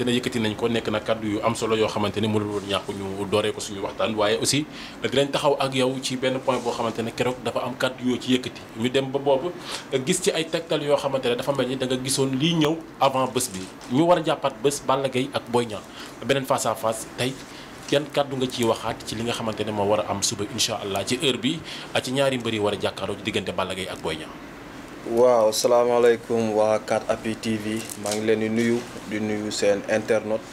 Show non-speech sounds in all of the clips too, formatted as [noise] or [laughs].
te ne nañ ko nekk na kàddu yu am solo yoo xamante ni mënul woon ñàkk ñu dooree ko suñu waxtaan waaye aussi dinañ taxaw ak yow ci benn point boo xamante ne keroog dafa am kàddu yoo ci yëkkati ñu dem ba boobu gis ci ay tegtal yoo xamante ne dafa mel ni da nga gisoon lii ñëw avant bés bi ñu war a jàppaat bés Balla Gaye ak Boy Niang beneen face fas tey kenn kàddu nga ciy waxaat ci li nga xamante ne moo war a am suba incha allah ci heure bi ak ci ñaari mbër yi war a jàkkaaroo diggante Balla Gaye ak Boy Niang waaw salaamaaleykum waa 4appuis TV maa ngi leen di nuyu di nuyu seen internaute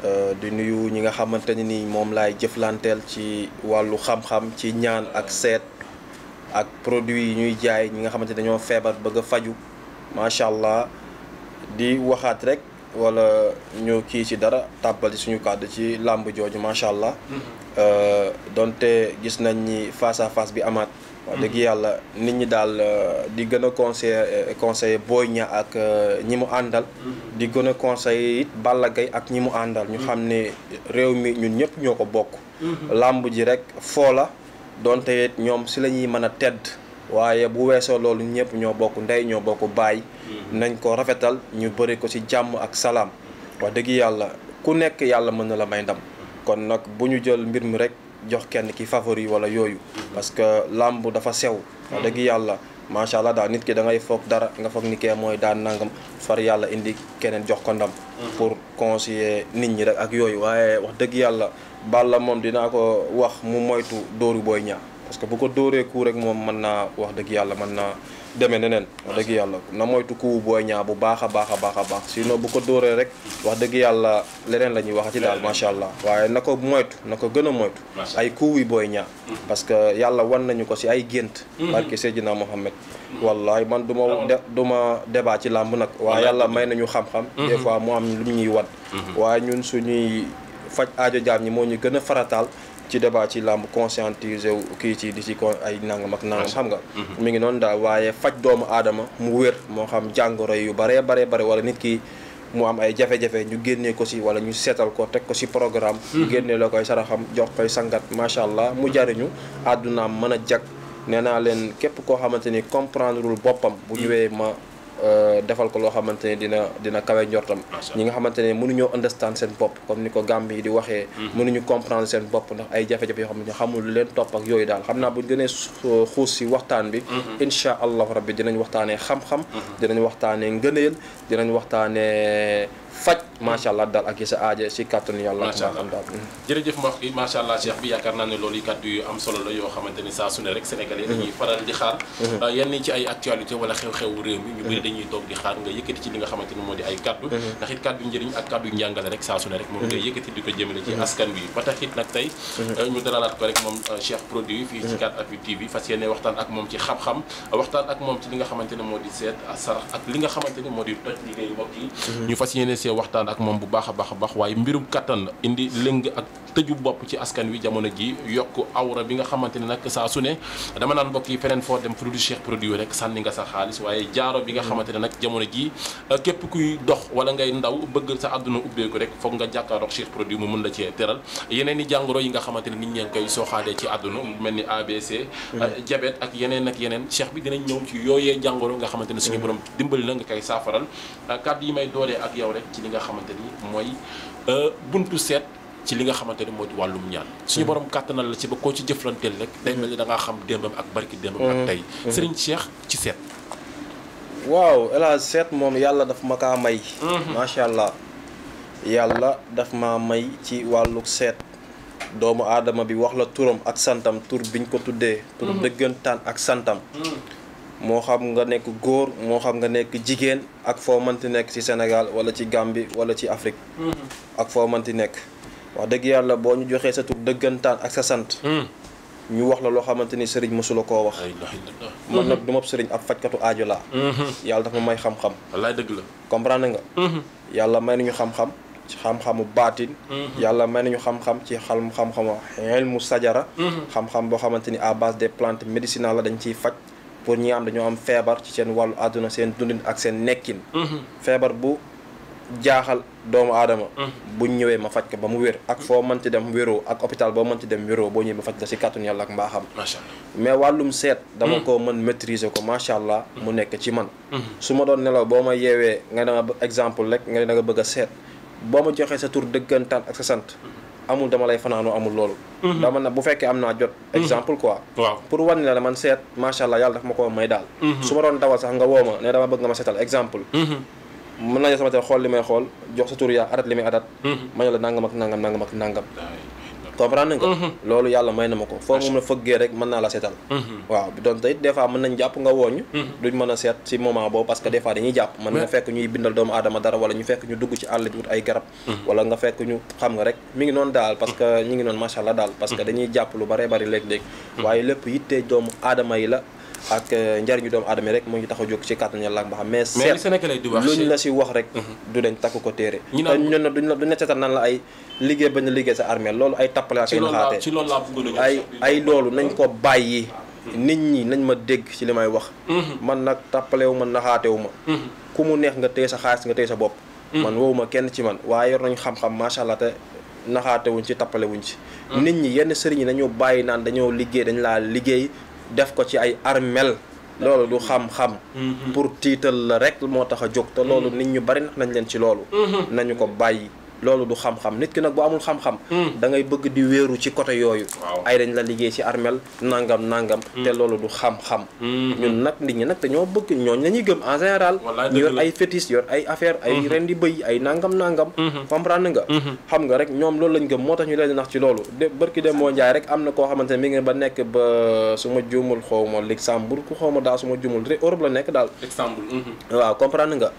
euh, di nuyu ñi nga xamante ne ni moom laay jëflanteel ci wàllu xam-xam ci ñaan ak seet ak produit yi ñuy jaay ñi nga xamante dañoo feebar bëgg faju macha allah di waxaat rek wala ñu kii ci dara tàbbal suñu kàddu ci làmb jooju macha allah. Mm-hmm. Euh, donte gis nañ ni face à bi amaat. wax dëgg yàlla nit ñi daal euh, di gën a conseiller euh, conseiller Boy Niang ak euh, ñi mu àndal. di gën a conseiller it Balla ak ñi mu àndal. ñu xam ne réew mi ñun ñëpp ñoo ko bokk. làmb ji rek foola doonte donte ñoom si la ñuy mën a tedd. waaye bu weesoo loolu ñëpp ñoo bokk ndey ñoo bokk baay. nañ ko rafetal ñu bëri ko ci jàmm ak salaam. wax dëgg yàlla ku nekk yàlla mën na la may ndam. kon nag bu ñu jël mbir mi rek. jox kenn ki favori wala yooyu parce que làmb dafa sew wax dëgg yàlla macha allah daal nit ki da ngay foog dara nga foog ni kee mooy daan nangam far yàlla indi keneen jox ko ndam pour conseiller nit ñi rek ak yooyu waaye wax dëgg yàlla Balla moom dinaa ko wax mu moytu dóoru booy ñaa parce que bu ko dóoree ku rek moom mën naa wax dëgg yàlla man naa demee neneen wax dëgg yàlla na moytu kuwu booy ñaa bu baax a baax a baax a baax sinon bu ko dóoree rek wax dëgg yàlla leneen la a waxati daal macha allah waaye na ko moytu na ko gën a moytu ay kuwu yi booy ñaa mm-hmm. parce que yàlla wan nañu ko si ay gént mm-hmm. barke Seydina Mohamed mm-hmm. wallahi man du ma du ma débat ci làmb nag waaye yàlla may nañu xam-xam des fois mu am lu ñuy wat waaye ñun suñuy faj aajo jaam ñi moo ñu gën a farataal ci débat ci làmb conscientiser wu kii ci di ci ko ay nangam ak nangam xam nga mi ngi noonu daal waaye faj doomu aadama mu wér moo xam jàngoro yu baree baree bare wala nit kii mu am ay jafe-jafe ñu génnee ko si wala ñu seetal ko teg ko si programme hmm. génnee la koy saraxam jox koy sangat macha allah mu jariñu àdduna mën a jag nee naa leen képp koo xamante ni comprendrewul boppam bu ñëwee ma Euh, defal ko loo xamante ne dina dina kawe njortam ñi nga xamante ne mënuñoo understand seen bopp comme ni ko Gambie yi di waxee mhm. mënuñu comprendre seen bopp ndax ay jafe-jafe yoo xam ne xamul lu leen topp ak yooyu daal xam naa buñ gënee xuus si waxtaan bi mhm. incha allahu bi dinañu waxtaanee xam-xam mhm. dinañu waxtaanee ngëneel dinañ waxtaanee faj macha allah daal ak sa aaje si kàttanu yàlla. macha allah daal jërëjëf yi am solo la yoo xamante ni saa su ne rek sénégalais dañuy mhm. faral di xaar mhm. euh, yenn ci ay actualité wala xew-xewu réew mi ñu bëri mhm. dañuy toog di xaar nga yëkkati ci li nga xamante ni moo di ay kàddu ndax it kàddu njëriñ ak kàddu njàngale rek saa su ne rek moom ngay yëkkati di ko jëmale ci askan bi ba tax nag tey euh, ñu dalalaat ko rek moom euh, cheikh produit fii ci 4appuis TV fas yéene waxtaan ak moom ci xam-xam waxtaan ak moom ci li nga xamante ne moo di seet sarax ak li nga xamante ni moo see waxtaan ak moom bu baax a baax a baax waaye mbirum kattan la indi lëng ak tëju bopp ci askan wi jamono ji yokk awra bi nga xamante ne nag saa su ne dama naan mbokk yi feneen foo dem produit Cheikh produit rek sànni nga sa xaalis waaye jaaro bi nga xamante ne nag jamono ji euh, képp kuy dox wala ngay ndaw bëgg sa àdduna ubbeeku rek foog nga jàkkaaroog Cheikh produit mu mën la cee teral yeneen i jàngoro yi nga xamante ne nit ñeen koy sooxaadee ci àdduna mel ni ABC euh, diabète ak yeneen ak yeneen Cheikh bi dinañ ñëw ci yooyee jàngoro nga xamante ne suñu borom dimbali la nga koy saafaral euh, kàddu yi may doolee ak yow rek ci li nga xamante ni mooy euh, buntu seet ci li nga xamante ni mooy wàllum ñaan mm-hmm. suñu borom kàttanal la ci ba koo ci jëflanteel rek day mel ni da xam démbam ak barki démbam ak mm-hmm. tey mm-hmm. Serigne Cheikh ci seet waaw El Hadj seet moom yàlla daf ma kaa may macha allah yàlla daf ma may ci wàlluk seet doomu aadama bi wax la turam ak santam tur biñ ko tuddee tur dëggantaan ak santam moo xam nga nekk góor moo xam nga nekk jigéen ak foo mënti nekk ci Sénégal wala ci Gambie wala ci Afrique. Mm-hmm. ak foo mënti nekk. wax dëgg yàlla boo ñu joxee sa tur dëggantaan ak sa sant. Mm. ñu wax la loo xamante ni sëriñ mosula koo wax. man nag mm-hmm. du ma sëriñ ab fajkatu aajo la mm-hmm. yàlla dafa may xam-xam. wallaay la. comprendre nga. yàlla may nañu xam-xam. ci xam-xamu baatin. yàlla may nañu xam-xam ci xam-xamu xel sajara. xam-xam boo xamante ni à base des plantes médicinales la dañ ciy faj. pour ñi am dañoo am feebar ci seen wàllu àdduna seen dundin ak seen nekkin. Mhm. feebar bu jaaxal doomu aadama. Mhm. bu ñëwee ma faj ko ba mu wér. ak foo mënti dem wéroo ak hôpital boo mënti dem wéroo boo ñëwee ma faj la si kàttanu yàlla ak mbaaxam. macha mais wàllum seet. dama mhm. ko mën maîtriser ko macha allah. mu nekk ci man. su ma doon nelaw boo ma yeewee nga ne ma exemple rek nga ne da bëgg a seet boo ma joxee sa tur dëggantaan ak sa sant. amul dama lay fanaanoo amul loolu. Mhm. dama na bu fekkee am naa jot. Mhm. exemple quoi. waaw pour wan la man seet macha allah yàlla daf ma ko may daal. Mhm. su ma doon dawal sax nga woo ma ne dama bëgg nga ma seetal exemple. mën naa sama te xool li may xool jox sa tur yaa adat li may adat. ma nangam ak nangam nangam. comprendre nga. Mhm. loolu yàlla may na ma ko. foo mun a fëggee rek mën naa la seetal. Mhm. waaw donc te it mën nañ jàpp nga wooñu. Mhm. duñ mën a seet si moment boobu parce que dañuy jàpp. mën nga fekk ñuy bindal doomu aadama dara wala ñu fekk ñu dugg ci àll bi wut ay garab. wala nga fekk ñu xam nga rek mi ngi noonu daal parce ñu ngi noonu macha allah daal. parce dañuy jàpp lu bare bari léeg-léeg. waaye lépp yitte doomu aadama yi la ak euh, njariñu doomu aadama rek moo ñu tax a jóg ci kàttan yàlla ak ba xam mais seet luñ la si wax rek mhm. du dañ takk ko téere te ñun la duñ naan la ay liggéey bañ a liggéey sa armée loolu ay tappale ak ay naxaate ay ay loolu nañ ko mhm. bàyyi nit ñi nañ ma dégg ci li may wax mhm. man nag tappalewu ma naxaatewu ma ku mu neex nga téye sa xaalis nga téye sa bopp man woowu ma kenn ci man waaye yor nañu xam-xam macha allah te naxaate ci tappalewuñ wuñ ci nit ñi yenn sëriñ yi dañoo bàyyi naan dañoo liggéey dañ laa liggéey def ko ci ay armel loolu du xam-xam mhm. pour tiital la rekk moo tax a jóg te loolu mhm. nit ñu bari nax nañ leen ci loolu mhm. nañu ko bàyyi loolu du xam-xam nit ki nag bu amul xam-xam hmm. dangay bëgg di wéeru ci côté yooyu ay dañ la liggéey ci armel nangam nangam hmm. te loolu du xam-xam hmm. ñun nag nit ñi nag dañoo bëgg ñooñ la ñuy gëm en général ñu yor ay fétiche yor ay affaire ay ren di bëy ay nangam nangam comprendre nga xam nga rek ñoom loolu lañ gëm moo tax ñu leen di nax ci loolu de bërki de moo njaay rek am na ko xamante ne mi ngi ba nekk ba su ma juumul xaw ma Luxembourg ku xaw ma daal su ma juumul la nekk daal Luxembourg waaw comprendre nga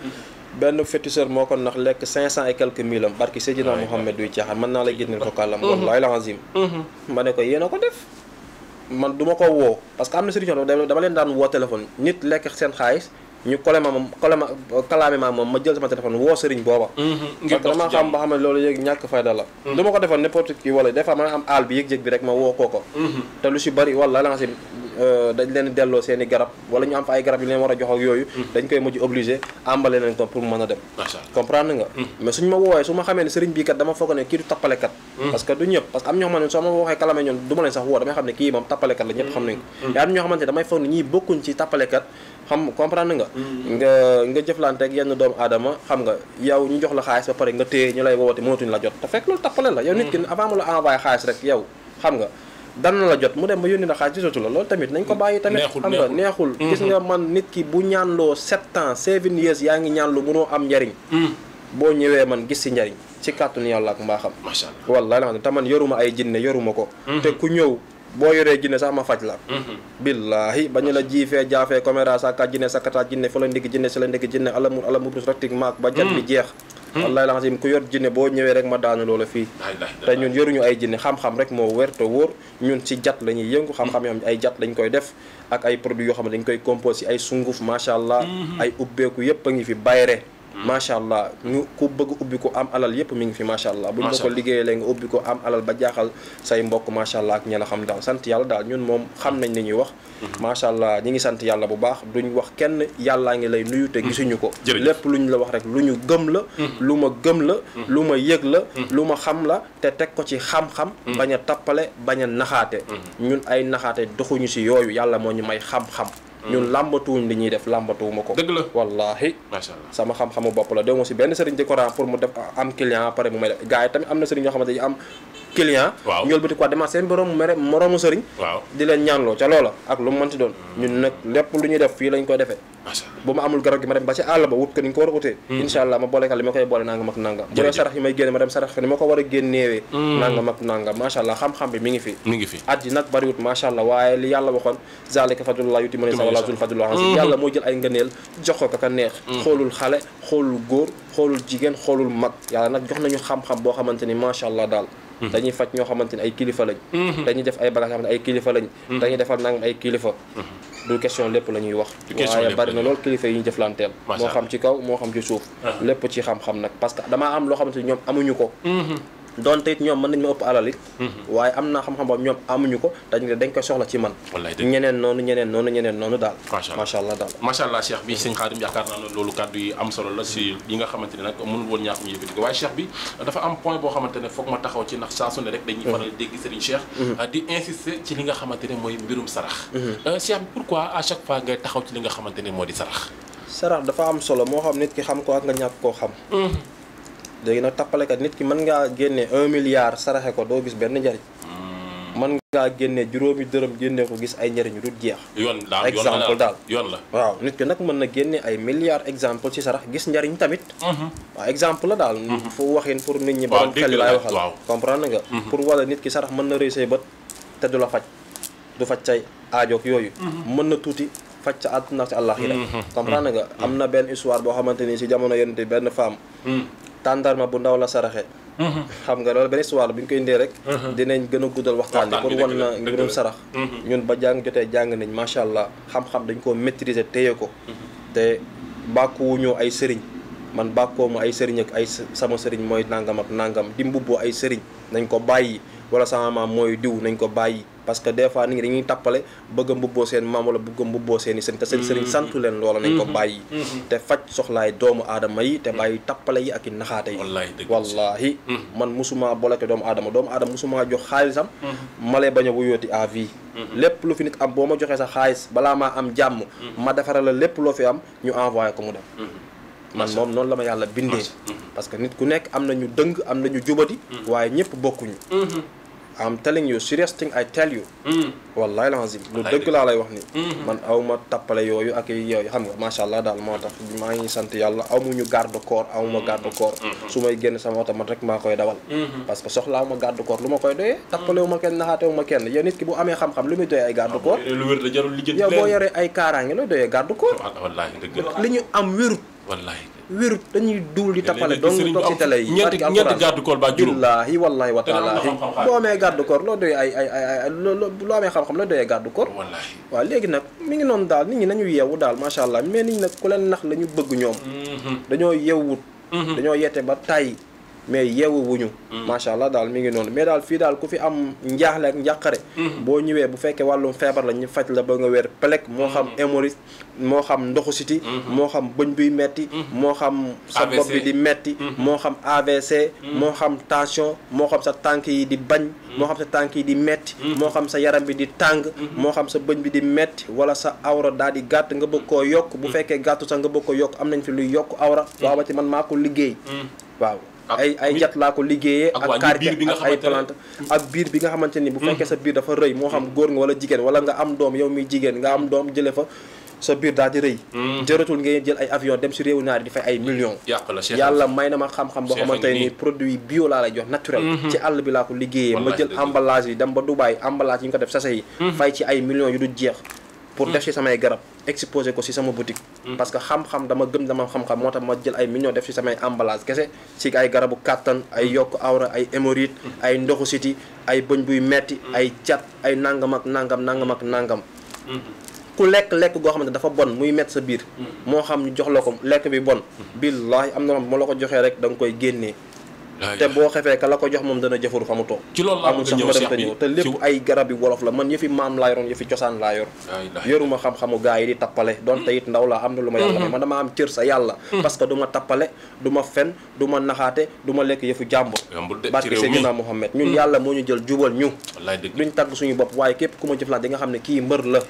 benn féticheur moo ko nax lekk cinq cent et quelques mille am barki Seydina Mohamed duy caaxaan mën naa la génneel ko kàllam wallaahi lazim mm-hmm. ma ne ko yéen a ko def man du ko woo parce que am na solution dama leen daan woo téléphone nit lekk seen xaalis ñu kole ma moom kole ma kalaame ma moom ma jël sama téléphone woo sëriñ booba mm-hmm. parce que dama xam ba xam ne loolu yëg ñàkk fayda la mm-hmm. ko defoon n'importe qui wala des fois am aal bi yëg-yëg bi rek Euh, dañ leen delloo seen i garab wala ñu am fa ay garab yu leen war a jox yooyu hmm. dañ koy mujj obligé ambale leen ko pour mu a dem comprendre nga hmm. mais suñ ma woowee su ma xamee ne sëriñ bii kat dama foog ne kii du tappalekat hmm. parce que du ñëpp parce que am moom tappalekat la xam nañ nga nga nga jëflanteeg yenn doomu aadama xam nga yow ñu jox la xaalis ba pare nga téye ñu lay woote mënatuñ la jot te fekk loolu tappale la yow nit ki avant mu la envoyé xaalis rek yow xam nga dana la jot mu dem ba yónni na xaalis gisatu la loolu tamit nañ ko bàyyi tamit xam nga neexul mm-hmm. gis nga man nit ki bu ñaanloo sept ans seven years yaa ngi ñaan ñaanlu mënoo am njariñ mm. boo ñëwee man gis si njariñ ci kàttanu yàlla ak mbaaxam macha allah wallaahi te man yoruma ay jinne yoruma ko mm-hmm. te ku ñëw boo yoree jinne sax ma faj la mhm. billaahi ba ñu la jiifee jaafee caméra saka jinne sakata jinne fa la ndigg jinne si la ndigg jinne alamul alamubrus raktik maak ba jat bi mhm. jeex mhm. wallaay laxasim ku yor jinne boo ñëwee rek ma daanu loola fii te ñun yoruñu ay jinne xam-xam rek moo wér te wóor ñun si jat la ñuy yëngu xam-xam yoo xam ay jat lañ koy def ak ay produits yoo xam ne dañ koy composé ay sunguf macha allah ay ubbeeku yépp a ngi fi bayre macha allah ñu ku bëgg ubbi ko am alal yëpp mi ngi fi macha allah buñ la ko liggéeyalee nga ubbi ko am alal ba jaaxal say mbokk macha allah ak ñi la xam daal sant yàlla daal ñun moom xam nañ li ñuy wax mm-hmm. macha allah ñi ngi sant yàlla bu baax duñ wax kenn yàllaa ngi lay nuyu te mm-hmm. gisuñu ko lépp lu ñu la wax rek lu ñu gëm la mm-hmm. lu ma gëm la lu ma yëg la lu ma xam la te teg ko ci xam-xam bañ a tappale bañ a naxaate ñun ay naxaate doxuñu si yooyu yàlla moo ñu may xam-xam ñun làmbatuwuñ li ñuy def làmbatuwuma ko dëgg la wallaahi sama xam-xamu bopp la déw ma si benn sëriñ di Coran pour mu def am client pare mu may def gars yi tamit am na sëriñ ñoo xamante yi am client waaw ñool bëti quoi demaat seen borom mere moroomu sëriñ waaw di leen ñaanloo ca loola ak lu mu mënti doon mm. ñun nag lépp lu ñuy def fii lañ koy defee bu ma amul garab gi ma dem ba ci àll ba wut ko ni a utee mm. incha allah ma boole ka li ma koy boole nangam ak nangam bu sarax yi may génne ma dem sarax a génneewee mm. nangam ak xam-xam bi mi ngi fi mi fi at yi nag bariwut macha allah waaye li yàlla waxoon zalika fadlullah yuti mën sa wala zul fadlullah yàlla moo jël ay jox ko ka neex xoolul xale xoolul góor mag yàlla nag jox nañu xam-xam boo xamante ni macha allah daal Mhm. dañuy faj ñoo xamante ne ay kilifa lañ mhm. dañuy def ay bala nga xam ne ay kilifa lañ mhm. dañuy defal nangam ay kilifa du question lépp la wax waaye bari na lool kilifa yi ñu jëflanteel moo xam ci kaw moo xam ci suuf ah. lépp ci xam-xam nag parce damaa am loo xamante ni ñoom amuñu ko donte it ñoom mën nañ ma ëpp alal it mhm. waaye am naa xam-xam boobu ñoom amuñu ko dañ dañ ko soxla ci man ñeneen noonu ñeneen noonu daal macha allah daal macha allah cheikh bi dafa am point boo xamante ne ma taxaw ci ndax saa ne rek dañuy mhm. faral dégg sëriñ cheikh mhm. di insister ci li nga xamante mooy mbirum sarax euh, cheikh bi pourquoi à chaque fois ngay taxaw ci li nga xamante ne di sarax sarax dafa am solo moo xam nit ki xam ko ak nga ñàkk koo xam léegi nag tappalekat nit ki mën ngaa génne un milliard saraxe ko doo gis benn njariñ hmm. mën ngaa génne juróomi dërëm génne ko gis ay njariñ du jeex yoon daal exemple daal yoon la waaw nit ki nag mën na génne ay milliards exemple ci sarax gis njariñ tamit hmm. waaw exemple la daal hmm. fu waxin pour nit ñi borom xel laay waxal comprendre nga pour wala nit ki sarax mën na réussir bët te du la faj du faj say aajook yooyu mën na tuuti faj sa àdduna ak sa àllaaxira comprendre nga am tàndarma bu ndaw la saraxe mhm. xam nga loolu benn histoire bi ñu koy indee rek mhm. dinañ gën a guddal waxtaan bi pour wan na ngirum sarax mhm. ñun ba jàng jotee jàng nañ macha allah xam-xam dañ koo maîtriser téye ko te bàkkuwuñu ay sëriñ man bàkkoo ma ay sëriñ ak ay sama sëriñ mooy nangam ak nangam di mbubboo ay sëriñ nañ ko bàyyi wala sama maam mooy diw nañ ko bàyyi parce que des fois nit ñi dañuy tàppale bëgg a mbubboo seen maam wala bëgg a mbubboo seen i te seen sëriñ mm-hmm. santu leen loola nañ ko mm-hmm. bàyyi mm-hmm. te faj soxlaay doomu aadama yi te bàyyi tappale yi ak i naxaate yi wallaahi man musuma bloqué doomu aadama doomu aadama musuma jox xaalisam ma lay bañ a wuyooti à vie lépp lu fi nit am boo ma joxee sa xaalis balaa maa am jàmm ma defara la lépp loo fi am ñu envoyé ko mu dem man moom noonu la ma yàlla bindee parce que nit ku nekk am na ñu dëng am na ñu jubadi waaye ñëpp bokkuñu am telling you serious thing I tell you. Mm. wallahi lazim lu dëgg laa lay wax ni mm-hmm. man aw ma tappale yooyu ak yooyu xam nga macha allah daal moo tax maa ngi sant yàlla amuñu garde corps aw ma mm-hmm. garde corps. Mm-hmm. su may génn sama oto man rek maa koy dawal. parce que soxlaaw ma garde corps lu ma koy doyee. tappale wu ma kenn naxaate ma kenn yow nit ki bu amee xam-xam lu muy doyee ay garde corps. lu wér la jarul li yow boo yoree ay kaaraange looy doyee garde corps. li ñu am wérut. wallaay wérut dañuy duul di tappale doon ñu toog ci yi ñeenti garde corps ba juróom billaahi wallaahi wa taala boo amee garde corps loo doy ay ay ay loo amee xam-xam loo doyee garde corps waaw léegi nag mi ngi noonu daal nit ñi nañu yeewu daal macha allah mais nit ñi nag ku leen nax la ñu bëgg ñoom mhm. dañoo yeewut mhm. dañoo yete ba tàyyi mais yeewu wuñu macha allah daal mi ngi noonu mais daal fii daal ku fi am njaaxle ak njàqare boo ñëwee bu fekkee wàllum feebar la ñu faj la ba nga wér pelek moo xam hémorroïde moo xam ndoxu siti moo xam bëñ buy metti moo xam sa bi metti moo xam AVC moo xam tension moo sa tànk yi di bañ moo xam sa tànk yi di metti moo xam sa yaram bi di tàng moo xam sa bëñ bi di metti wala sa awra daal di gàtt nga bëgg koo yokk bu fekkee gàttu sax nga bëgg ko yokk am nañ fi luy yokk awra waaw man maa ko liggéey ay ay jat laa ko liggéeyee ak karité ak ay plante ak biir bi nga xamante ni bu mm-hmm. fekkee sa biir dafa rëy moo xam mm-hmm. góor nga wala jigéen wala nga am doom yow muy jigéen nga am mm-hmm. doom jële fa sa biir daal di rëy jëratul ngay jël ay avion dem si réew naa di fay ay millions yàlla may na ma xam-xam boo xamante ni produit bio laa lay jox naturel ci àll bi laa ko liggéeyee ma jël emballage yi dem ba Dubaay emballage yi ñu ko def sase yi fay ci ay millions yu du jeex pour def ci samay garab exposé ko ci sama boutique. Mm. parce que xam-xam dama gën dama xam-xam moo tax ma jël ay millions def ci samay emballage kese ci ay garabu kàttan ay mm. yokk awra ay hémorroïde mm. ay ndoxu siti ay bëñ buy metti ay cat ay nangam ak nangam nangam ak nangam. ku lekk lekk goo ne dafa bon muy met sa biir moo xam ñu jox la ko lekk bi bon billaahi am na ma la ko joxee rek da nga koy génnee te boo xefee ka la ko jox moom dana jëfaru fa mu toog ci loolu la man yëfi maam laa yoroon yëfi cosaan laa yor yoruma xam-xamu gaa mm-hmm. mm-hmm. mm-hmm. ne la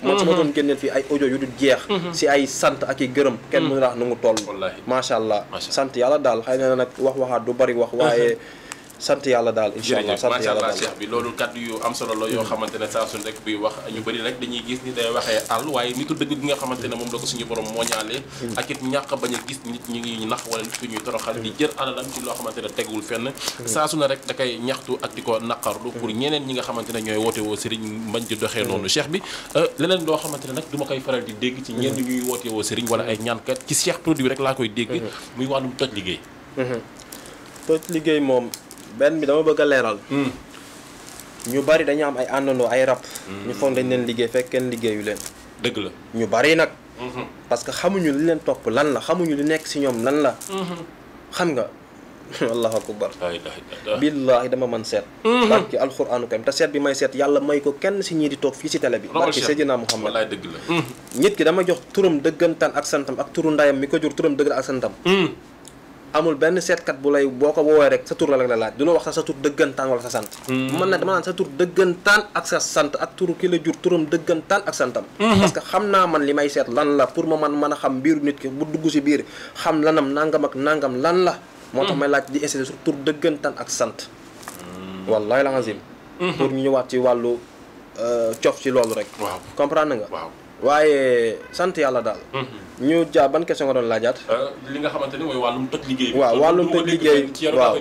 man su ma doon génneel fii ay audio yu du jeex si ay sant ak i gërëm kenn mënu la wax nu mu toll allah sant yàlla daal xëy na nag wax waxaat du bari wax waaye mais sant yàlla daal incha allah sant yàlla daal cheikh bi ne saa suñ rek buy ñu bëri nag dañuy gis ni day waxee àll waaye nitu dëgg gi nga xamante ne moom la ko suñu borom mooñaale mm. ak it ñàkk a bañ a gis nit ñi ngi nax wala nit ne teguwul fenn mm. saa su ne rek da koy ñaxtu ak di ko naqarlu pour mm. ñeneen ñi nga xamante ne ñooy woote woo sëriñ mbañ di doxee noonu cheikh bi euh, leneen loo xamante ne nag du ma koy faral di dégg ci ñenn ñuy woote woo sëriñ wala ay ñaankat ci cheikh produit rek laa koy dégg muy wàllum toj liggéey mm-hmm. toj liggéey moom benn bi dama bëgg a leeral. Hmm. ñu bari dañu am ay àndandoo ay rab. Hmm. ñu foog dañ leen liggéey fekk kenn liggéeyu leen. dëgg ñu bari nag. Hmm. parce que xamuñu li leen topp lan la xamuñu li nekk ci ñoom lan la. xam nga. [laughs] allahu akbar billaahi dama man seet barki alquraanu karim te seet bi may seet yàlla may ko kenn si ñii di toog fii si télé bi barki Seydina Muhammad wallaay dëgg la nit ki dama jox turam dëggantaan ak santam ak turu ndayam mi ko jur turam dëgg ak santam amul benn seetkat bu lay boo ko woowee rek sa tur la rek la laaj du la wax sax sa tur dëggantaan wala sa sant man hmm. nag dama naan sa tur dëggantaan ak sa sant ak tur ki la jur turam dëggantaan ak santam hmm. parce que naa man li may seet lan la pour ma man mën xam mbiru nit ki bu dugg si biir xam lanam nangam ak nangam lan la moo tax hmm. may laaj di essayer sur tur ak sant wallahi la azim pour ñu ñëwaat ci wàllu euh, cof ci loolu rek comprendre nga waaye sant yàlla daal. Mhm. ñu jaar ban question nga doon laajaat. Euh, li nga xamante ni mooy wàllum toj liggéey bi. waaw wàllum toj liggéey waaw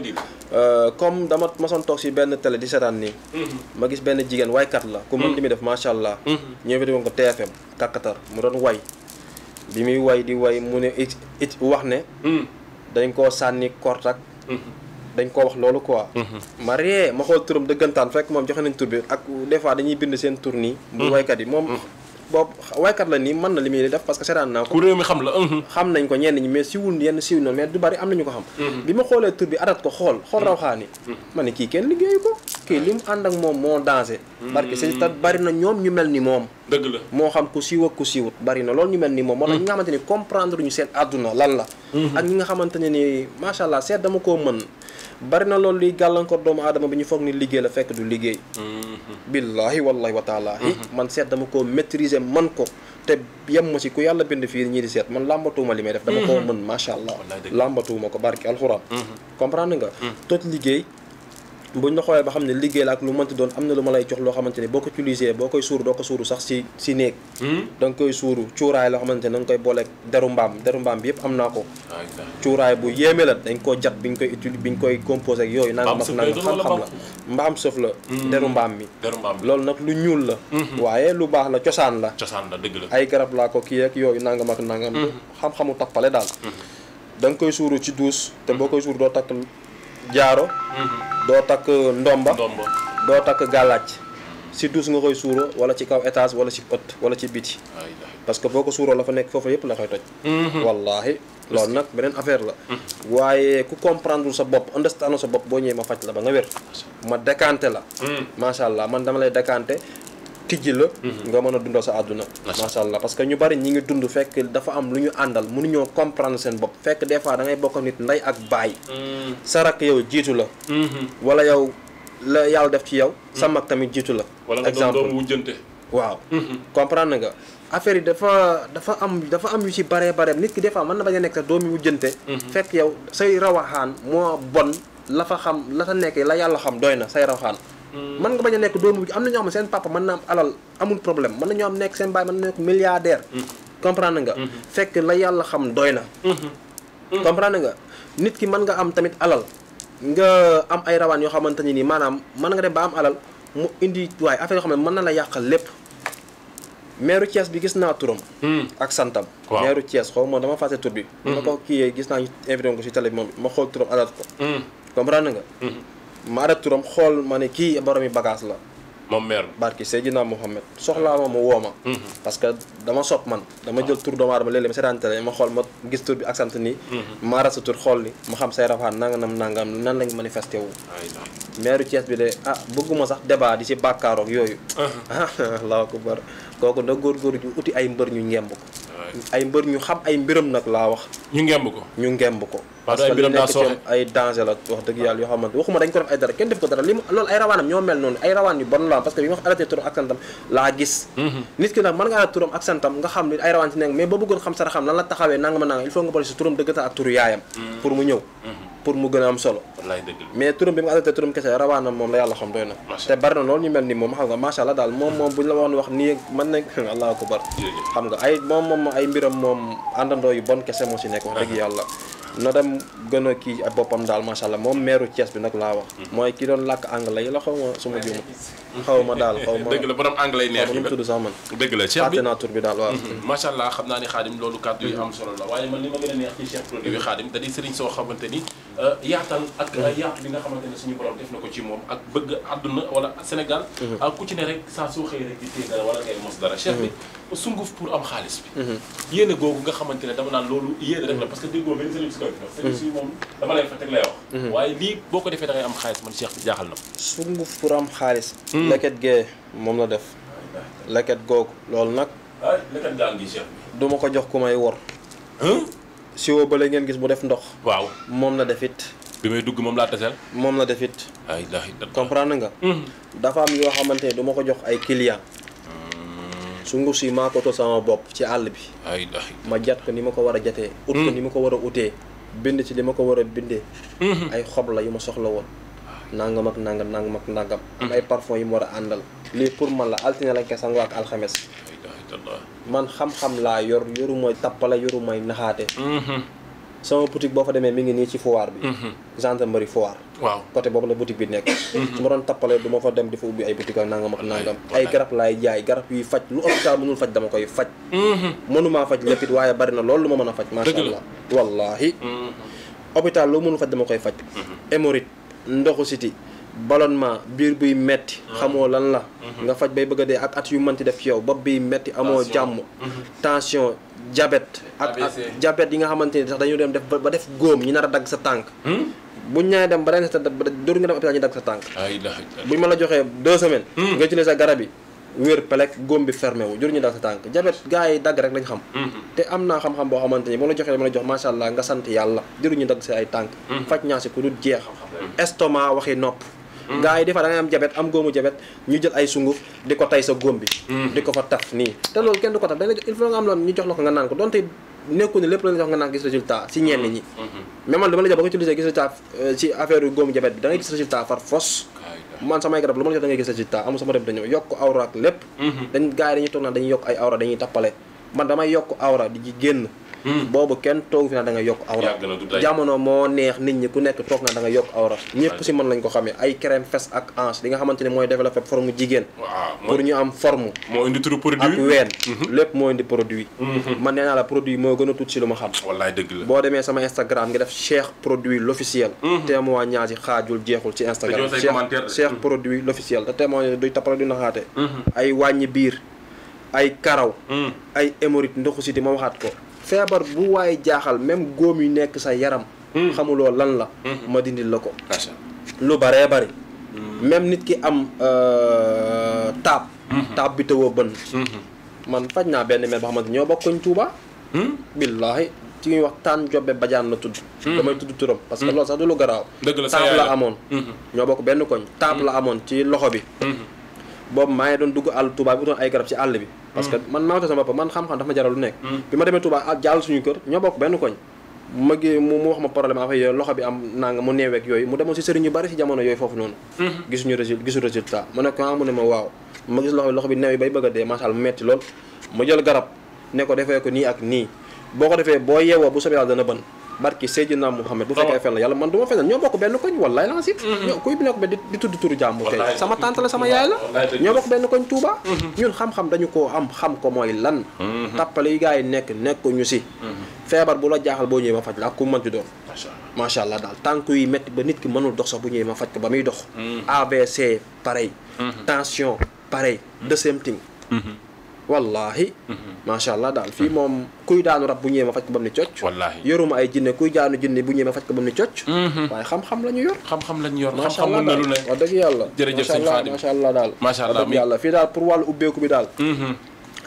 euh, comme masoon toog si benn télé di seetaan nii. Mhm. ma gis benn jigéen waykat la. ku mën mhm. li muy def macha allah. ñu invité woon ko TFM kàkkatar mu doon way bi muy way di way mu ne it it wax ne. dañ ko sànni kortak dañ koo wax loolu quoi. ma ree ma xool turam dëggantaan fekk moom joxe nañ tur bi ak des dañuy bind seen tur nii. bu waykat yi moom. boobu waykat la nii mën na li muy def parce que naa ko. ku réew mi xam la. xam nañ ko ñenn ñi mais siwul yenn siw na mais du bari am nañu ko xam. bi ma xoolee tur bi adat ko xool xool rawxaani. ma ne kii kenn liggéeyu ko. kii li mu ànd ak moom moo dansé. bari na ñoom ñu mel ni moom. dëgg la moo xam ku siiw ak ku siiwut bari na loolu ñu mel ni moom. moo tax nga xamante comprendre ñu seen àdduna lan la. ak ñi nga xamante ne ni allah seet dama bari na loolu luy gàllankoor doomu aadama bi ñu foog ni liggéey la fekk du liggéey. Mm-hmm. billaahi wallahi wa taalaahi mm-hmm. man seet dama ko maîtriser man ko te yem ma si ku yàlla bind fii ñii di seet man làmbatuma li may def. dama koo mm-hmm. mën macha allah. làmbatuuma ko barki alxuraan. comprendre nga. toj liggéey. buñ la xoolee ba xam ne liggéey la ak lu mënti doon am na lu ma lay jox loo xamante boo ko utilisé boo koy suuru doo ko suuru sax si si néeg hmm? da nga koy suuru cuuraay da nga koy booleeg deru mbaam ko cuuraay bu yéeme la dañ koo jat biñ koy utili biñ koy composé yooyu nanga mag nanga xam-xam la mbaam sëf la hmm. deru mbaam mi loolu nag lu ñuul la hmm. waaye lu baax la cosaan la cosaan la dëgg la ay garab laa ko kii ak yooyu nanga mag nangam xam-xamu tappale daal da nga koy suuru ci duus te boo koy suuru doo takk jaaro mhm. doo takk ndomba doo takk gàllaaj si duus nga koy suuro wala ci kaw étage wala ci ëtt wala ci biti parce que boo ko suuroo la fa nekk foofu yëpp la koy toj mhm. wallaahi loolu nag beneen affaire la mhm. waaye ku comprendre sa bopp understand sa bopp boo ñëwee ma faj la ba nga wér ma décanté la macha allah man dama lay décanté tijji la. Mhm. nga mën a dundoo sa àdduna. macha allah parce que ñu bari ñi ngi dund fekk dafa am lu ñu àndal mënuñoo comprendre seen bopp fekk des fois da ngay bokk nit ndey ak baay. Mhm. sa rakk yow jiitu la. Mhm. wala yow la yàlla def ci yow. sa mag tamit jiitu la. exemple wala nga waaw. comprendre nga affaire yi dafa dafa am dafa am yu ci baree bare nit ki des fois mën na bañ a nekk sa doomi wujjante. fekk yow say rawaxaan moo bon la fa xam la fa nekk la yàlla xam doy na say rawaxaan. mën nga bañ a nekk doomu bi am na ñoo xam ne seen papa mën na am alal amul problème mën na ñoo am nekk seen baay mën na nekk milliardaire mm-hmm. comprendre nga mm-hmm. fekk la yàlla xam doy na mm-hmm. comprendre nga nit ki mën nga am tamit alal nga am ay rawaan yoo xamante ni nii maanaam mën nga dem ba am alal mu indi waaye affaire yoo xam ne mën na la yàqal lépp meeru Thiès bi gis naa turam ak santam meeru Thiès xaw ma dama fàtte tur bi ma ko kii gis naa invité ko ma turam xool ma ne kii boromi bagaas la. moom meer barki Seydina Mohamed soxlaa ma mu woo ma. Mhm. parce que dama sopp man. dama jël tur doomu aadama léeg-léeg ma seetaan ma xool ma gis tur bi ak ni nii. sa mhm. tur xool ni ma xam say rafaan nam nangam nan lañ manifesté wu. meeru Thiès bi de ah bëgguma sax débat di si bàkkaaroog yooyu. ah ko bar kooku góor na góorgóorlu uti ay mbër ñu ngemb ko. ay mbër ñu xam ay mbiram nag laa wax. ñu ngemb ko ñu li nekk ci ay danger la wax dëgg yàlla yoo xamante waxuma dañ ko def ay dara kenn def ko dara li mu loolu ay rawaanam ñoo mel noonu ay rawaan yu bon la parce bi ma arrêté turam ak santam laa gis mhm. nit ki nag mën ngaa turam ak santam nga xam ne ay rawaan ci nekk mais ba bëggoon xam sara xam lan la taxawee nanga ma nanga il faut nga boole si turam dëggata ak turu yaayam mhm. pour mu ñëw mhm. pour mu gën a am solo mais turam bi mu adopté turam kese rawaanam moom la yàlla xam doy na te bari loolu ñu mel ni moom xam nga macha allah daal moom moom bu [laughs] xam nga ay moom moom ay mbiram moom àndandoo yu bon kese moo si nekk wax dëgg yàlla na dem gën a kii boppam daal macha allah moom meeru Thiès bi nag laa wax. Mhm. mooy ki doon làkk anglais yi la xaw ma suma juum. Mhm. ma la borom anglais neex yi la tudd sax man. dëgg la Cheikh bi fàtte naa tur bi daal waaw. Mhm. macha ni xaadim a da euh, euh, ko ci moom ak bëgg àdduna wala Sénégal. Euh, ku ci ne rek saa soo xëy rek di téye dara wala ngay mos dara. Cheikh xaalis bi. yéene googu nga xamante ne dama naan loolu yéene rek la parce que déggoo benn sëriñ koy def sëriñ si moom dama lay mhm. boo ko defee da am xaalis man Cheikh bi jaaxal na sunguf pour am xaalis hmm. leket gee moom la def leket googu loolu nag leket ma ko jox ku may wor si woo bële ngeen gis bu def ndox waaw moom na def it bi dugg moom la def it comprendre nga hmm. dafa am yoo xamante ne du ma ko jox ay client hmm. sunguf si maa ko tol sama bopp ci àll bi ma jat ko ni ma ko war a jatee ut ko ni ma ko war a utee bind ci li ma ko war a bindee. Mhm. ay xob la yu ma soxla woon. nangam ak nangam nangam ak nangam. Mhm. am ay parfum yu mu war a àndal. lii pour man la altine lañ koy sangoo ak alxames. man xam-xam laa yor yorumay tappale yorumay naxaate. Mhm. sama boutique boo fa demee mi ngi nii ci foire bi. Mhm. gendarmerie foire. waaw côté boobu la boutique bi nekk. Mhm. su ma doon tappalee du ma fa dem di fa ubbi ay boutique ak nangam ak nangam. ay garab laay jaay garab yuy faj lu hôpital mënul faj dama koy faj. Mhm. a faj. macha allah wallahi hôpital lu mënul faj dama koy faj. hémorroïde ndoxu siti ballonnement biir buy metti ah. xamoo lan la. nga faj bay bëgg a dee ak at yu mënti def yow bopp biy metti amoo jàmm. tension diabète ak ak diabète yi nga xamante ni sax dañu dem def ba def góom ñu nar a dagg sa tànk hmm? buñ ñaay dem ba ren sa dootu nga dem hôpital ñu dagg sa tànk buñ ma la joxee deux semaines hmm. nga yi dagg rek lañ xam hmm. te am naa xam-xam boo xamante ni bu la joxee dama jox macha allah nga sant yàlla jur dagg sa ay tànk faj naa si ku dul jeex estomac waxi nopp Mm. gars yi des fois da am jabet am góomu jabet ñu jël ay sunguf di ko tay sa góom bi mm. di ko fa taf nii te loolu kenn du ko taf dañ la il faut nga am loolu ñu jox la ko nga naan ko donte nekku ne lépp la gis résultat si ñenn mm-hmm. man dama la jox ba ko utilisé gis résultat si euh, góomu jabet bi da ngay gis résultat far fos man samay garab lu ma la jox da ngay gis résultat amul sama dem dañoo yokk awra ak lépp mm-hmm. dañ gars yi dañuy toog naan dañuy yokk awra dañuy tappale man damay yokk awra di génn Hmm. boobu kenn toog fi na da yokk awra jamono moo neex nit ñi ku nekk toog na da nga yokk awra ñëpp si mën lañ ko xamee ay crème fesse ak hanche li nga xamante ne mooy développé forme jigéen pour ñu am forme moo indi turu produit ak ween hmm. lépp moo indi produit hmm. man nee naa la produit moo gën a tuuti si lu ma xam boo demee sama Instagram nga def Cheikh produit l'officiel témoignage yi xaajul jeexul ci Instagram Cheikh produit l'officiel te témoignage duy tappale du feebar bu waaye jaaxal même góom yu nekk sa yaram. Hmm. xamuloo lan la. Hmm. ma dindi la ko. lu baree bari. Hmm. même nit ki am euh, taab. taab bi tawoo bën. man faj naa benn mel ba xamante ñoo bokkuñ Touba. billaahi ci ñuy wax taan jobbe bajaan la tudd. damay tudd trop parce que loolu sax du lu garaaw. dëgg la taab la amoon. ñoo bokk benn koñ. taab la amoon ci loxo bi. boobu maa ngi doon dugg àll Touba bi doon ay garab ci àll bi. parce que mm. man maa ko sama bopp man xam-xam dafa ma jaral lu nekk mm. bi ma demee Touba ah, jàll suñu kër ñoo bokk benn koñ mu wax ma problème affaire yooyu loxo bi am nanga mu neeweeg yooyu mu demoon si sëriñ yu bari si jamono yooyu foofu noonu mm-hmm. gisuñu résultat gisu résultat ma ne ko ah, ma waaw ma gis loxo bi loxo bi neew yi bay bëgg dee macha mu metti lool ma jël garab ne ko defee ko nii ak nii boo ko defee boo yeewoo bu soobee yàlla dana bën barki Seydina Mouhamed bu fekkee fen la yàlla man du ma fenal ñoo bokk benn koñ wallaay lan sit mm-hmm. kuy bi nekk be di tudd turu jàmbur tey sama tante sama yaay la ñoo bokk benn koñ Touba mm-hmm. ñun xam-xam dañu koo am xam ko mooy lan mm-hmm. tappale yi gars yi nekk nekkuñu si feebar bu la jaaxal boo ñëwee ma faj la ak ku mën di doon macha allah daal tànk yi métti ba nit ki mënul dox sax bu ñëwee ma faj ko ba muy dox AVC pareil tension pareil the same thing wallaahi. macha mhm. allah daal fii mhm. moom kuy daanu rab bu ñëwee ma faj ko ba mu ni cocc. yoruma ay jinne kuy daanu jinne bu ñëwee ma faj ko ba mu ni cocc. Mhm. waaye xam-xam la yor. xam-xam la ñu yor xam-xam mën na lu ne. wax dëgg yàlla jërëjëf yàlla fii daal pour wàllu ubbeeku bi daal.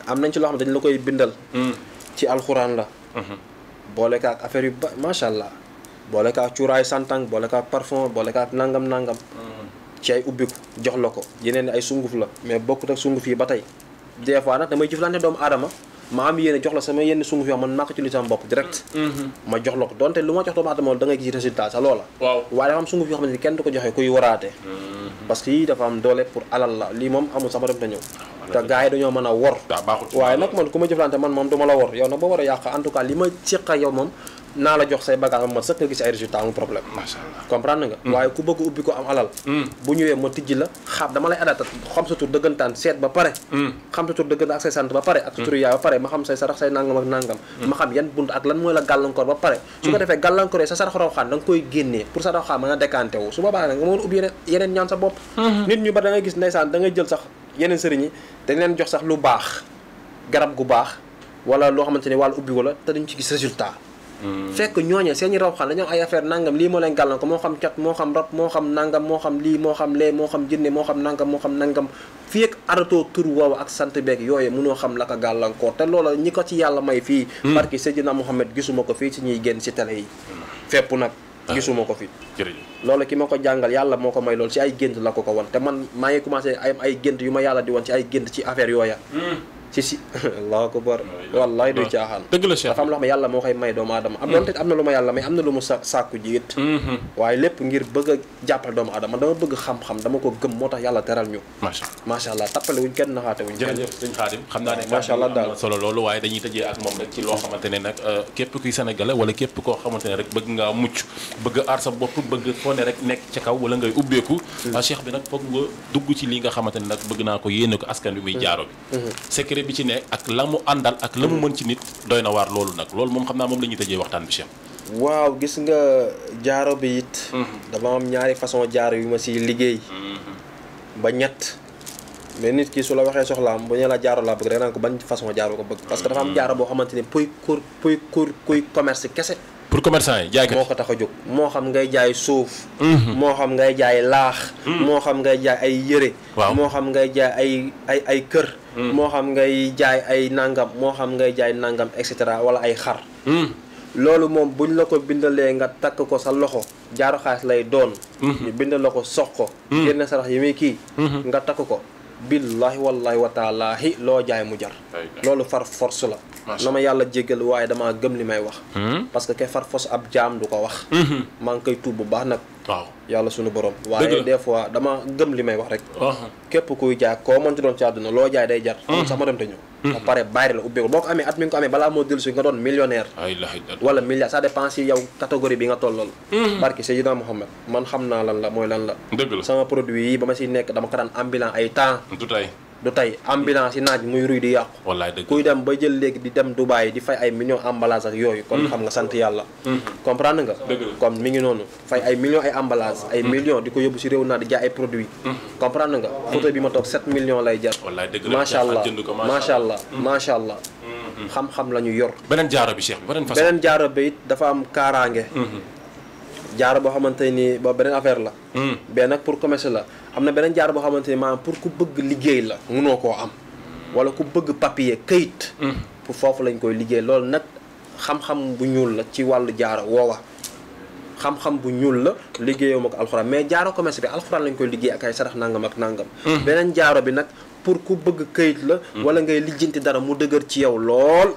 am nañ ci loo xam ne dañ la koy bindal. ci alxuraan la. boole kaak affaire yu ba macha allah. boole kaak cuuraay santang boole kaak parfum boole kaak nangam nangam. ci ay ubbiku jox la ko yeneen ay sunguf la mais bokkut ak sunguf yi ba tey des fois nag damay jëflante doomu aadama ma am yéene jox la sama yenn sunguf yoo man maa ko ci li sama bopp direct mm-hmm. ma jox la ko donte lu ma jox doomu aadama da ngay gis résultat sa loola waaw waaye am sunguf yoo xam kenn du ko joxe kuy waraate mm-hmm. parce que yii am doole pour alal la lii moom amul sama dem ta ah, ñëw te gars dañoo mën a wor waaye nag man ku ma jëflante man moom du la wor yow nag ba war a yàq en tout cas li ma séq ak yow moom naa la jox say bagage am ma sëkk nga gis ay résultat amul problème macha allah comprendre nga mm. waaye ku bëgg ubbi ko am alal mm. bu ñëwee ma tijji la xaab dama lay adapté xam sa tur dëggantaan seet ba pare mm. xam sa tur dëggantaan ak say sant ba pare ak sa tur yaay ba pare ma xam say sarax say nangam ak nangam ma xam yan bunt ak lan mooy la gàllankoor ba pare su ko defee gàllankoor sa sarax rawxaan da nga koy génnee pour sa rawxaan a décanté wu su a ubbi mm-hmm. ba jox sax lu baax garab gu baax wala loo xamante ne wàllu ubbi wala te dañ ci gis résultat Mm. fekk ñooña seen i raw xan dañoo am ay affaire nangam lii moo leen gàllan ko moo xam cat moo xam rab moo xam nangam moo xam lii moo xam lee moo xam jinne moo xam nangam moo xam nangam fii ak aratoo tur woowu ak sant beeg yooyu mënoo xam la ko gàllankoor te loola ñi ko ci yàlla may fii mm. barki Seydina Mouhamed gisuma ko fii si ñuy génn ci télé yi mm. fépp nag ah. gisuma ko fi loolu ki ma ko jàngal yàlla moo ko may lool ci ay gént la ko ko wan te man maa ngi commencé ay ay gént yu ma yàlla di woon ci ay gént ci affaire yooya ci si [laughs] allahu akbar wallaay du caaxaan la dafa am loo xam ne yàlla moo koy may doomu aadama am am na lu ma yàlla may am na lu mu sa sàkku ji mhm. waaye lépp ngir bëgg a jàppale doomu aadama dama bëgg xam-xam dama ko gëm moo tax yàlla teral ñu macha allah tappale wuñ kenn naxaate wuñ jërëjëf sëñ Xaadim xam naa ne macha allah daal solo loolu waaye dañuy tëjee ak moom rek ci loo xamante ne nag euh, képp kuy sénégalais wala képp koo xamante ne rek bëgg ngaa mucc bëgg aar sa bopp bëgg foo ne rek nekk ca kaw wala ngay ubbeeku mm. Cheikh bi nag foog nga dugg ci li nga xamante ne nag bëgg naa ko yéene ko askan bi muy mm. jaaro bi mm. secret bi ci ne ak la mu àndal ak la mu mën ci nit doy na waar loolu nag loolu moom xam naa moom la ñuy tëjee waxtaan bi Cheikh. waaw gis nga jaaro bi it. Mhm. dama am ñaari façon jaaro yu ma si liggéey. Mhm. ba ñett. mais nit ki su la waxee soxlaam bu ñu la jaaro laa bëgg rek naan ko ban façon jaaro ko commerce kese. pour commerçant yi jaay kat moo ko tax a jóg moo xam ngay jaay suuf. Mhm. moo xam ngay jaay laax. Mhm. moo xam ngay jaay ay yëre. waaw moo xam ngay jaay ay ay ay kër. Mhm. moo xam ngay jaay ay nangam moo xam ngay jaay nangam et cetera wala ay xar. loolu moom buñ la ko bindalee nga takk ko sa loxo jaaro xaalis lay doon. ñu bindal la ko sox ko. génne sarax yi muy kii. nga takk ko. billahi wallahi wa taalaahi loo jaay mu jar loolu far force la na ma yàlla jéggal waaye damaa gëm li may wax hmm? parce que kay far force ab jaam du ko wax hmm. maa ngi koy tuub bu baax nag waaw yàlla sunu borom waaye des fois dama gëm li may wax rek uh-huh. képp kuy jaay koo mënti doon ci àdduna loo jaay day jar hmm. sax dem te ñëw ba mhm. pare bàyyi la ubbeeku boo ko amee at mi ko amee balaa moo dellu nga doon millionnaire wala milliard ça dépend si yow bi nga tollool mhm. barki Seydina Mohamed man xam naa lan la mooy lan la sama produit yi ba ma siy nekk dama ko daan ambulant ay temps du tey ambulance yi naaj muy ruy di yàqu. wallaay dëgg kuy dem ba jël léegi di dem Dubaay di fay ay millions emballage ak yooyu. kon hmm. xam nga sant yàlla. Hmm. comprendre nga. kon mi ngi noonu fay ay millions ay emballage ay hmm. millions di ko yóbbu si réew naa di jaay ay produits. comprendre nga. photo bi ma toog 7 million lay jar. wallaay dëgg la macha allah macha allah macha allah. xam-xam la ñu yor. beneen jaaro bi Cheikh beneen façon beneen jaaro bi it dafa am kaaraange. jaaro boo xamante boo ba beneen affaire la. Hmm. benn nag pour commerce la am na beneen jaaro boo xamante ni maanaam pour ku bëgg liggéey la. mu noo koo am wala ku bëgg papier kayit. Hmm. pour foofu lañ koy liggéey loolu nag xam-xam bu ñuul la ci wàllu jaaro woowa. xam-xam bu ñuul la liggéeyoo ma ko alxuraan mais jaaro commerce bi alxuraan lañ koy liggéey ak ay sarax nangam ak nangam. Hmm. beneen jaaro bi nag pour ku bëgg këyit la. wala ngay lijjanti dara mu dëgër ci yow lool.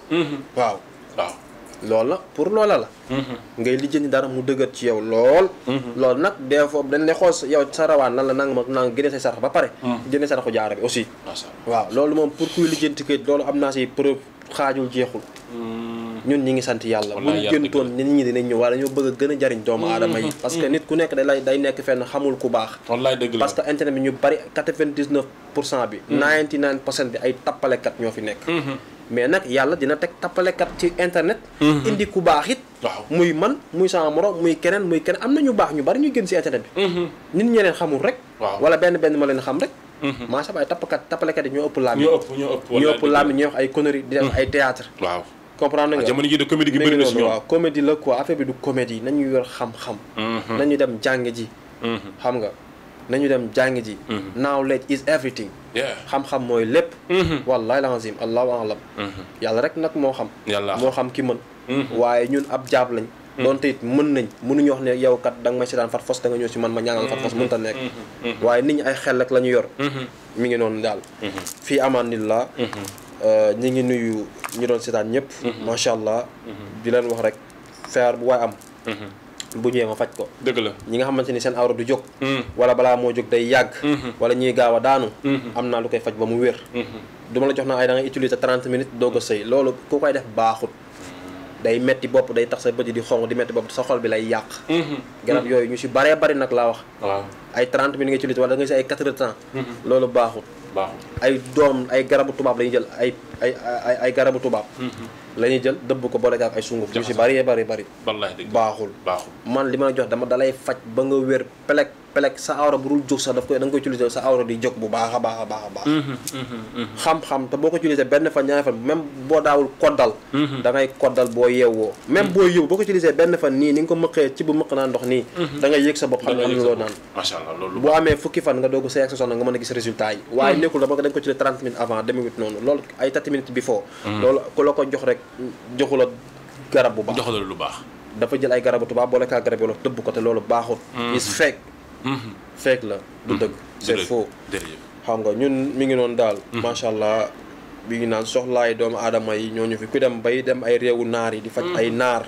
loola pour loola la mm-hmm. ngay lijjanti dara mu dëgër ci yow lool mm-hmm. loolu nag des fois dañ lay xool yow sa rawaan nan la nanga ma nanga génne say sarax ba pare mm-hmm. génne saraxu jaara bi aussi waaw loolu moom pour kuy lijjanti kayit loolu am na si preuve xaajul jeexul ñun ñi ngi sant yàlla bu ñu gëntoon nit ñi dinañ ñëw waaye dañoo bëgg a gën a jariñ doomu aadama yi parce nit ku nekk day lay day nekk fenn xamul ku baax wallaay que internet bi ñu bari quatre-vingt-dix-neuf pour cent bi ñoo fi nekk mais nag yàlla dina teg tappalekat ci internet. Mhm. indi ku baax it. muy man muy sama morom muy keneen muy keneen am na ñu baax ñu bari ñu gën si internet bi. Mhm. nit ñi leen xamul rek. wala benn benn ma leen xam rek. Mhm. maa sha Allah ay tappalekat tappalekat yi ñoo ëpp laam. ñoo ëpp ñoo ëpp ñoo ëpp laam ñoo wax ay conneries di def ay théâtre waaw comprendre nga ah, jamono de comédie gi bëri na si ñoom waaw comédie la quoi affaire bi du comédie nañu yor xam-xam. nañu dem jàng ji. xam nga. nañu dem jàngi ji. knowledge mhm. is everything. xam-xam mooy lépp. Mhm. wallahi lazim allahu alam. Mhm. yàlla rek nag moo xam. moo xam ki mën. waaye ñun ab jaab lañ. doonte it mën nañ mënuñu wax ne yow kat da nga may seetaan fat fos da nga ñëw si man ma ñaanal fat fos mënta nekk. waaye nit ñi ay xel rek la ñu yor. mi ngi noonu daal. fii amaanillah. Euh, ñi ngi nuyu ñu doon seetaan ñëpp. macha allah. di leen wax rek feer bu waay am. bu ñëwee ma faj ko dëgg la ñi nga xamante ni seen awra du jóg hmm. wala balaa moo jóg day yàgg hmm. wala ñuy gaaw a daanu hmm. am naa lu koy faj ba mu wér du ma la jox naa ay da ngay utiliser 30 minutes doog a sëy loolu ku koy def baaxut day metti bopp day tax sa bët yi di xong di metti bopp sa xol bi lay yàq garab yooyu ñu si baree bari nag laa wax ay 30 minutes nga utiliser wala da nga ay 4 temps loolu baaxut ay doom ay garabu tubaab lañu jël ay ay la ñuy jël dëbb ko boole ak ay sunguf yu si bari bari baaxul man li may jox dama dalay faj ba nga wér pelek pelek sa awra bu dul jóg sax daf koy da nga ko sa awra di jóg bu baax a baax a a baax mhm, mhm, mhm. xam-xam te boo ko utiliser benn fan ñaari fan même boo daawul koddal boo yeewoo même boo yëw boo ko utiliser nii ni nga ko mëqee ci bu mëq naa ndox nii da yëg sa bopp xam nga doog a gis résultat yi waaye nekkul dama ko ko ci 30 minutes avant demi minutes noonu loolu ay 30 minutes before loolu ku la ko jox rek joxu la garab bu baax joxu la lu baax. dafa jël ay garabu tubaab boole kaa garab yoo la tëbb ko te loolu baaxut. Mm-hmm. is fake. Mm-hmm. fake la. du mm-hmm. dëgg c'est faux. xam nga ñun mi ngi noonu daal. macha allah bi ngi naan soxlaay doomu aadama yi ñoo ñu fi ku dem bay dem ay réewu naar yi di faj ay naar.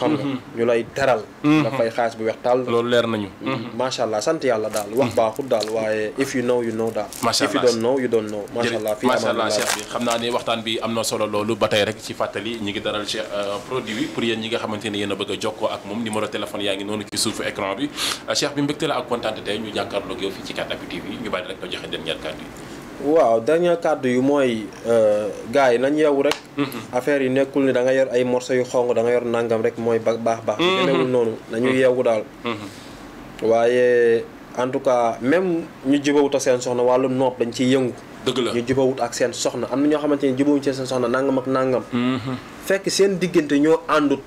xam mm-hmm. ñu lay teral mm-hmm. nga fay xaalis bu weex tàll loolu leer nañu mm-hmm. macha allah yàlla daal wax baaxul daal waaye if you know xam naa ne waxtaan bi am na solo loolu ba tey rek ci fàttali ñi ngi daral cheikh euh, produit bi pour yéen ñi nga xamante ne yéen a bëgg a ak moom numéro téléphone yaa ngi noonu ci suufu écran bi euh, cheikh bi mbégte ak kontaan tey ñu jàkkaarloo ak yow fii ci 4appuis TV ñu bàyyi rek nga joxe dernier kàddu yi waaw dernier kàddu yi mooy euh, gars yi nañ yeewu rek. Mm-hmm. affaire yi nekkul ni da nga yor ay morceau yu xong da nga yor nangam rek mooy ba baax baax. Mm-hmm. demewul noonu nañu mm-hmm. yeewu daal. waaye en tout cas même ñu jubawut ak seen soxna wàllum nopp dañ ciy yëngu. dëgg la ñu jubawut ak seen soxna am na ñoo xamante ni jubawuñ seen soxna nangam ak nangam. fekk seen diggante ñoo àndut.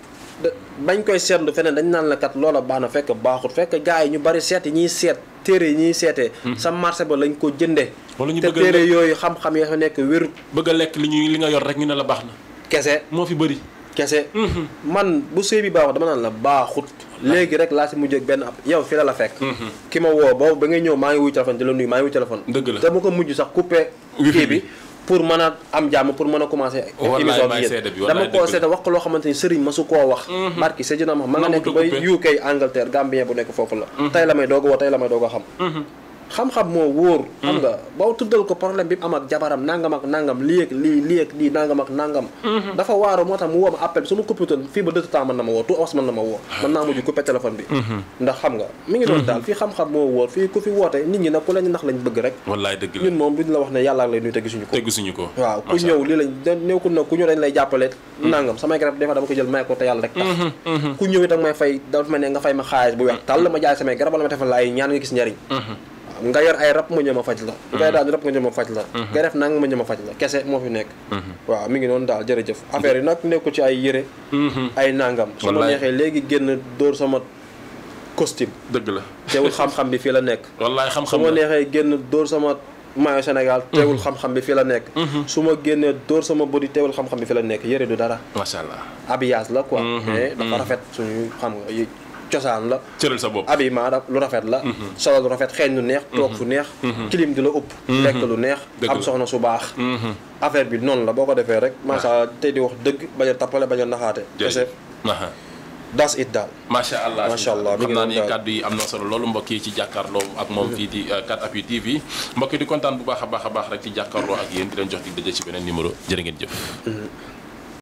bañ koy seetlu feneen dañ naan la kat loola baax na fekk baaxut fekk gars yi ñu bari seet yi ñuy seet. téere yi ñuy seetee hmm. sa marché ba lañ ko jëndee wala ñu bëgg te téere yooyu xam-xam yi fa nekk wérut bëgg a lekk li ñuy li nga yor rek ñu ne la baax na kese moo fi bëri kese hmm. man bu sëy bi baaxut dama naan la baaxut léegi rek laa si mujjee benn ab yow fi la la fekk hmm. ki ma woo boobu ba ngay ñëw maa ngi wuy téléphone di la nuyu maa ngi wuy téléphone dëgg la te mu ko mujj sax coupé kii bi pour man a am jàmm pour mën a commencer émission bi dama koo seeta wax loo xamante ni sëriñ ma su koo wax mhm. barki Seydina Muhammad ma nga nekk bay UK Angleterre Gambien bu nekk foofu la mhm. tey la may doog woo tey la may doog xam mhm. xam-xam moo wóor. xam nga hmm. boo tuddal ko problème bi am ak jabaram nangam ak nangam lii ak lii lii ak lii nangam ak nangam. Hmm. dafa waaro moo tax mu woo ma appel su ma coupé fii ba deux temps na ma woo tout awas mën na ma woo. Ah. mën hmm. la ñun moom duñ la ne ma ne nga fay ma xaalis bu weex tàll ma jaay samay garab ma defal la ay ñaan nga gis njariñ nga yor ay rab mu ñëw ma faj la mm-hmm. ngay daal rab nga ma faj la mm-hmm. nga def nang ma ñëw ma faj la kese moo fi nekk mm-hmm. waaw mi ngi noonu daal jërëjëf affaire yi nag nekku ci ay yére ay nangam su ma neexee léegi génn dóor sama costume dëgg la teewul xam-xam bi fii la nekk wallaay xam-xam su ma neexee génn dóor sama maayo Sénégal teewul xam-xam bi fii la nekk su ma génnee dóor sama body teewul xam-xam bi fii la nekk yére du dara macha allah abiyaas la quoi mais eh, dafa rafet suñu xam cosaan la. cëral sa bopp habillement lu rafet la. Mhm. solo lu rafet xeeñ lu neex. Mhm. toog fu neex. kilim mhm. di la ëpp. lekk lu neex. am soxna su baax. affaire bi noonu la boo ko defee rek. macha allah tey di wax dëgg bañ a tappale bañ a naxaate. jërëjëf das it daal. macha allah macha allah xam naa ni kàddu yi am na solo loolu mbokk yi ci jàkkaarloo ak moom fii di euh, di kontaan bu baax a baax a baax rek ci jàkkaarloo ak yéen di leen jox di daje ci beneen numéro jërë ngeen jëf.